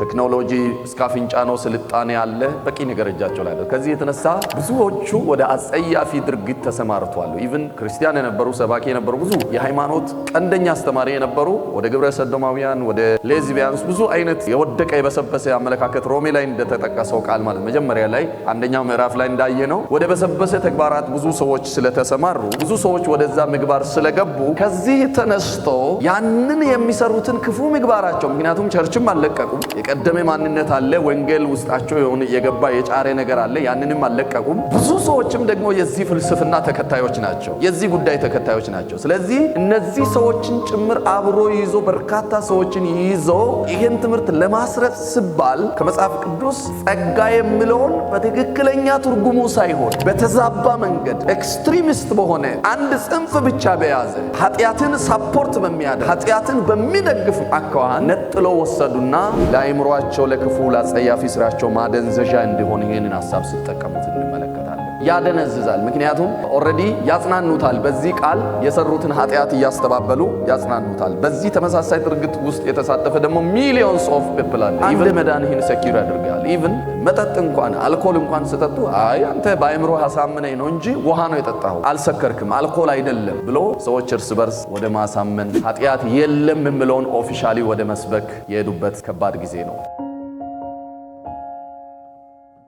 ቴክኖሎጂ እስከ አፍንጫ ነው ስልጣኔ ያለ በቂ ነገር እጃቸው ላይ ከዚህ የተነሳ ብዙዎቹ ወደ አጸያፊ ድርጊት ተሰማርተዋል። ኢቭን ክርስቲያን የነበሩ ሰባኪ የነበሩ ብዙ የሃይማኖት ቀንደኛ አስተማሪ የነበሩ ወደ ግብረ ሰዶማውያን፣ ወደ ሌዝቢያንስ ብዙ አይነት የወደቀ የበሰበሰ አመለካከት ሮሜ ላይ እንደተጠቀሰው ቃል ማለት መጀመሪያ ላይ አንደኛው ምዕራፍ ላይ እንዳየ ነው ወደ በሰበሰ ተግባራት ብዙ ሰዎች ስለተሰማሩ ብዙ ሰዎች ወደዛ ምግባር ስለገቡ ከዚህ ተነስቶ ያንን የሚሰሩትን ክፉ ምግባራቸው ምክንያቱም ቸርችም አልለቀቁም የቀደመ ማንነት አለ። ወንጌል ውስጣቸው የሆነ የገባ የጫሬ ነገር አለ። ያንንም አልለቀቁም። ብዙ ሰዎችም ደግሞ የዚህ ፍልስፍና ተከታዮች ናቸው፣ የዚህ ጉዳይ ተከታዮች ናቸው። ስለዚህ እነዚህ ሰዎችን ጭምር አብሮ ይዞ በርካታ ሰዎችን ይዞ ይህን ትምህርት ለማስረጽ ሲባል ከመጽሐፍ ቅዱስ ጸጋ የሚለውን በትክክለኛ ትርጉሙ ሳይሆን በተዛባ መንገድ ኤክስትሪሚስት በሆነ አንድ ጽንፍ ብቻ በያዘ ኃጢአትን ሳፖርት በሚያደርግ ኃጢአትን በሚደግፍ አካዋን ነጥለው ወሰዱና ላይ ለአይምሯቸው፣ ለክፉ ላጸያፊ ስራቸው ማደንዘዣ እንዲሆን ይህንን ሀሳብ ስጠቀሙት እንመለከታለን። ያደነዝዛል። ምክንያቱም ኦልሬዲ ያጽናኑታል። በዚህ ቃል የሰሩትን ኃጢአት እያስተባበሉ ያጽናኑታል። በዚህ ተመሳሳይ ድርጊት ውስጥ የተሳተፈ ደግሞ ሚሊዮንስ ኦፍ ፒፕል አለ። አንድ መዳንህን ሰኪር ያደርጋል። ኢቭን መጠጥ እንኳን አልኮል እንኳን ስጠጡ አይ አንተ በአእምሮ አሳምነኝ ነው እንጂ ውሃ ነው የጠጣሁ አልሰከርክም፣ አልኮል አይደለም ብሎ ሰዎች እርስ በርስ ወደ ማሳመን ኃጢአት የለም የምለውን ኦፊሻሊ ወደ መስበክ የሄዱበት ከባድ ጊዜ ነው።